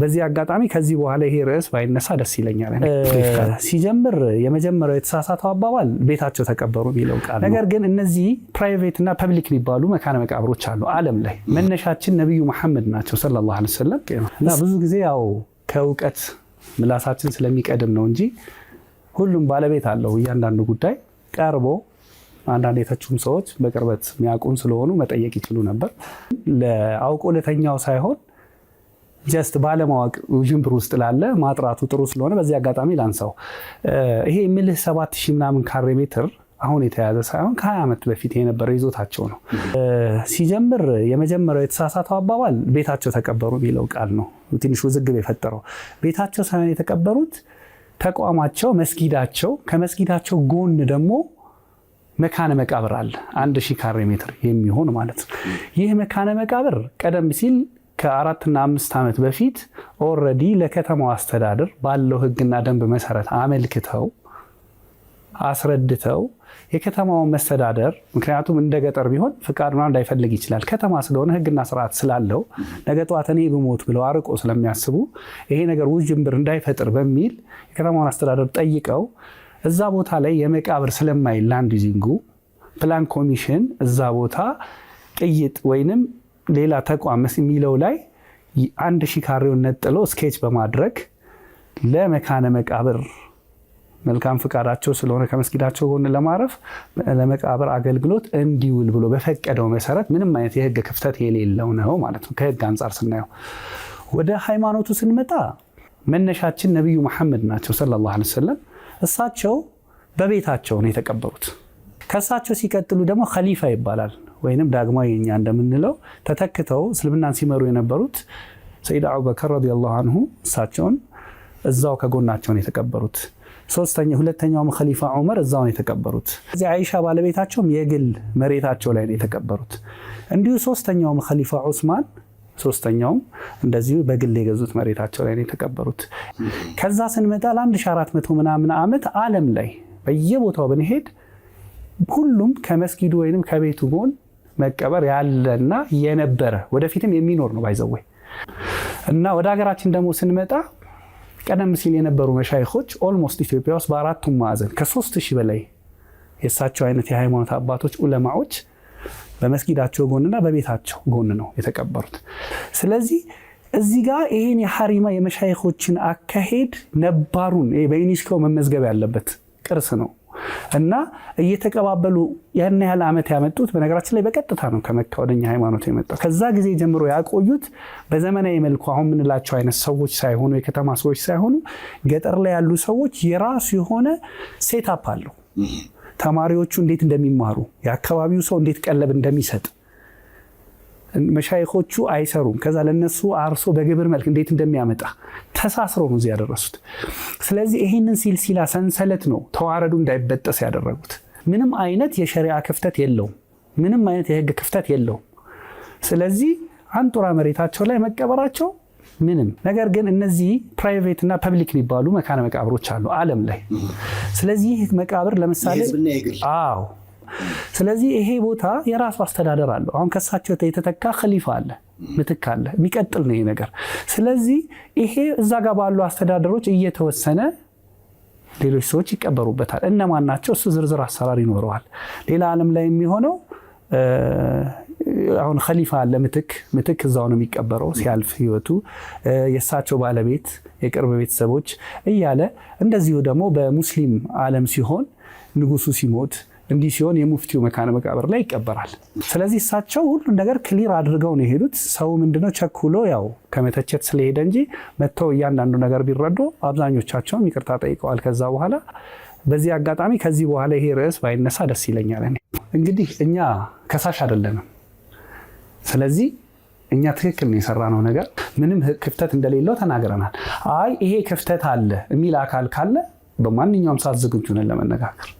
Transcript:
በዚህ አጋጣሚ ከዚህ በኋላ ይሄ ርዕስ ባይነሳ ደስ ይለኛል። ሲጀምር የመጀመሪያው የተሳሳተው አባባል ቤታቸው ተቀበሩ የሚለው ቃል ነገር ግን እነዚህ ፕራይቬት እና ፐብሊክ የሚባሉ መካነ መቃብሮች አሉ ዓለም ላይ መነሻችን ነቢዩ መሐመድ ናቸው ሰለላሁ ዐለይሂ ወሰለም እና ብዙ ጊዜ ያው ከእውቀት ምላሳችን ስለሚቀድም ነው እንጂ ሁሉም ባለቤት አለው እያንዳንዱ ጉዳይ ቀርቦ አንዳንድ የተቹም ሰዎች በቅርበት የሚያውቁም ስለሆኑ መጠየቅ ይችሉ ነበር። አውቆ ለተኛው ሳይሆን ጀስት ባለማወቅ ውዥንብር ውስጥ ላለ ማጥራቱ ጥሩ ስለሆነ በዚህ አጋጣሚ ላንሳው። ይሄ የምልህ ሰባት ሺህ ምናምን ካሬ ሜትር አሁን የተያዘ ሳይሆን ከሀያ ዓመት በፊት የነበረ ይዞታቸው ነው። ሲጀምር የመጀመሪያው የተሳሳተው አባባል ቤታቸው ተቀበሩ የሚለው ቃል ነው ትንሽ ውዝግብ የፈጠረው። ቤታቸው ሳይሆን የተቀበሩት ተቋማቸው መስጊዳቸው፣ ከመስጊዳቸው ጎን ደግሞ መካነ መቃብር አለ አንድ ሺህ ካሬ ሜትር የሚሆን ማለት ነው። ይህ መካነ መቃብር ቀደም ሲል ከአራትና አምስት ዓመት በፊት ኦልሬዲ ለከተማው አስተዳደር ባለው ህግና ደንብ መሰረት አመልክተው አስረድተው የከተማውን መስተዳደር ምክንያቱም እንደ ገጠር ቢሆን ፍቃድ ምናምን ላይፈልግ ይችላል። ከተማ ስለሆነ ህግና ስርዓት ስላለው ነገ ጠዋት እኔ ብሞት ብለው አርቆ ስለሚያስቡ ይሄ ነገር ውዥንብር እንዳይፈጥር በሚል የከተማውን አስተዳደር ጠይቀው እዛ ቦታ ላይ የመቃብር ስለማይል ላንድ ዩዚንጉ ፕላን ኮሚሽን እዛ ቦታ ቅይጥ ወይንም ሌላ ተቋም የሚለው ላይ አንድ ሺህ ካሬውን ነጥሎ ስኬች በማድረግ ለመካነ መቃብር መልካም ፍቃዳቸው ስለሆነ ከመስጊዳቸው ጎን ለማረፍ ለመቃብር አገልግሎት እንዲውል ብሎ በፈቀደው መሰረት ምንም አይነት የህግ ክፍተት የሌለው ነው ማለት ነው። ከህግ አንጻር ስናየው ወደ ሃይማኖቱ ስንመጣ መነሻችን ነቢዩ መሐመድ ናቸው ሰለላሁ ዐለይሂ ወሰለም። እሳቸው በቤታቸው ነው የተቀበሩት። ከእሳቸው ሲቀጥሉ ደግሞ ኸሊፋ ይባላል ወይንም ዳግማዊ የኛ እንደምንለው ተተክተው እስልምናን ሲመሩ የነበሩት ሰይድ አቡበከር ረዲየላሁ አንሁ እሳቸውን እዛው ከጎናቸውን የተቀበሩት ሶስተኛ ሁለተኛውም ከሊፋ ዑመር እዛውን የተቀበሩት እዚ አይሻ ባለቤታቸውም የግል መሬታቸው ላይ ነው የተቀበሩት። እንዲሁ ሶስተኛውም ከሊፋ ዑስማን ሶስተኛውም እንደዚሁ በግል የገዙት መሬታቸው ላይ ነው የተቀበሩት። ከዛ ስንመጣ ለአንድ ሺ አራት መቶ ምናምን ዓመት ዓለም ላይ በየቦታው ብንሄድ ሁሉም ከመስጊዱ ወይንም ከቤቱ ጎን መቀበር ያለና የነበረ ወደፊትም የሚኖር ነው ባይዘወ እና ወደ ሀገራችን ደግሞ ስንመጣ ቀደም ሲል የነበሩ መሻይኮች ኦልሞስት ኢትዮጵያ ውስጥ በአራቱም ማዕዘን ከሶስት ሺህ በላይ የእሳቸው አይነት የሃይማኖት አባቶች ኡለማዎች በመስጊዳቸው ጎንና በቤታቸው ጎን ነው የተቀበሩት። ስለዚህ እዚህ ጋር ይህን የሐሪማ የመሻይኮችን አካሄድ ነባሩን በዩኒስኮ መመዝገብ ያለበት ቅርስ ነው። እና እየተቀባበሉ ያን ያህል ዓመት ያመጡት በነገራችን ላይ በቀጥታ ነው ከመካ ወደኛ ሃይማኖት የመጣው። ከዛ ጊዜ ጀምሮ ያቆዩት በዘመናዊ መልኩ አሁን የምንላቸው አይነት ሰዎች ሳይሆኑ የከተማ ሰዎች ሳይሆኑ ገጠር ላይ ያሉ ሰዎች የራሱ የሆነ ሴታፕ አለው። ተማሪዎቹ እንዴት እንደሚማሩ፣ የአካባቢው ሰው እንዴት ቀለብ እንደሚሰጥ መሻይኮቹ አይሰሩም። ከዛ ለነሱ አርሶ በግብር መልክ እንዴት እንደሚያመጣ ተሳስሮ ነው እዚህ ያደረሱት። ስለዚህ ይህንን ሲልሲላ ሰንሰለት ነው ተዋረዱ እንዳይበጠስ ያደረጉት። ምንም አይነት የሸሪዓ ክፍተት የለውም። ምንም አይነት የህግ ክፍተት የለውም። ስለዚህ አንጡራ መሬታቸው ላይ መቀበራቸው ምንም ነገር ግን እነዚህ ፕራይቬት እና ፐብሊክ የሚባሉ መካነ መቃብሮች አሉ አለም ላይ። ስለዚህ መቃብር ለምሳሌ አዎ ስለዚህ ይሄ ቦታ የራሱ አስተዳደር አለው። አሁን ከሳቸው የተተካ ከሊፋ አለ፣ ምትክ አለ፣ የሚቀጥል ነው ይሄ ነገር። ስለዚህ ይሄ እዛ ጋር ባሉ አስተዳደሮች እየተወሰነ ሌሎች ሰዎች ይቀበሩበታል። እነማን ናቸው? እሱ ዝርዝር አሰራር ይኖረዋል። ሌላ ዓለም ላይ የሚሆነው አሁን ከሊፋ አለ ምትክ ምትክ እዛው ነው የሚቀበረው ሲያልፍ ህይወቱ የእሳቸው ባለቤት የቅርብ ቤተሰቦች እያለ እንደዚሁ ደግሞ በሙስሊም ዓለም ሲሆን ንጉሱ ሲሞት እንዲህ ሲሆን የሙፍቲው መካነ መቃብር ላይ ይቀበራል። ስለዚህ እሳቸው ሁሉን ነገር ክሊር አድርገው ነው የሄዱት። ሰው ምንድነው ቸኩሎ ያው ከመተቸት ስለሄደ እንጂ መጥተው እያንዳንዱ ነገር ቢረዱ አብዛኞቻቸውም ይቅርታ ጠይቀዋል። ከዛ በኋላ በዚህ አጋጣሚ ከዚህ በኋላ ይሄ ርዕስ ባይነሳ ደስ ይለኛል። እኔ እንግዲህ እኛ ከሳሽ አይደለንም። ስለዚህ እኛ ትክክል ነው የሰራነው ነገር ምንም ክፍተት እንደሌለው ተናግረናል። አይ ይሄ ክፍተት አለ የሚል አካል ካለ በማንኛውም ሰዓት ዝግጁ ነን ለመነጋገር።